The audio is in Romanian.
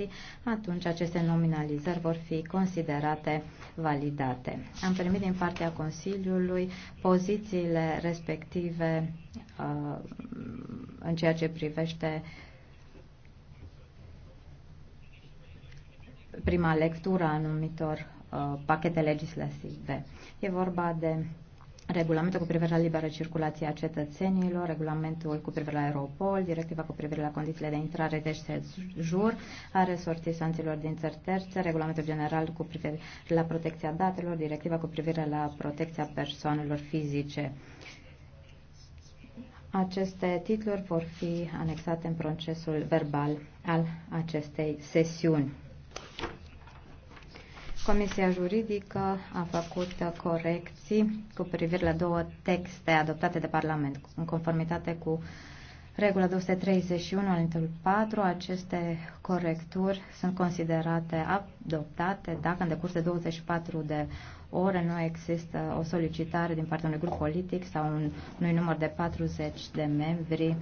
obiecții, atunci aceste nominalizări vor fi considerate validate. Am primit din partea Consiliului pozițiile respective uh, în ceea ce privește prima lectură a anumitor uh, pachete legislative. E vorba de regulamentul cu privire la liberă circulație a cetățenilor, regulamentul cu privire la aeropol, directiva cu privire la condițiile de intrare de deci sejur a resortisanților din țări terțe, regulamentul general cu privire la protecția datelor, directiva cu privire la protecția persoanelor fizice. Aceste titluri vor fi anexate în procesul verbal al acestei sesiuni. Comisia Juridică a făcut corecții cu privire la două texte adoptate de Parlament. În conformitate cu regula 231 alintul 4, aceste corecturi sunt considerate adoptate dacă în decurs de 24 de ore nu există o solicitare din partea unui grup politic sau un, unui număr de 40 de membri